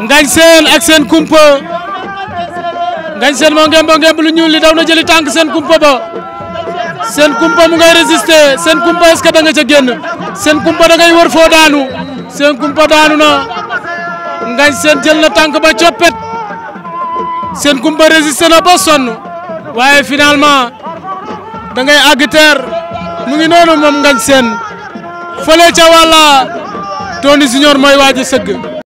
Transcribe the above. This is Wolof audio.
Ngagne Sène ak seen kumpa Ngagne Sène moo ngeen moo ñuul li daw na jëli tànk seen kumpa ba seen kumpa mu ngay résister seen kumpa est-ce que da nga ca génn seen kumpa da ngay wër foo daanu seen kumpa daanu na Ngagne Sène jël na tànk ba coppet seen kumpa résister na ba waaye finalement da ngay àgg teer mu ngi noonu moom Ngagne Sène fële ca wàlla Tony Junior mooy waaj sëgg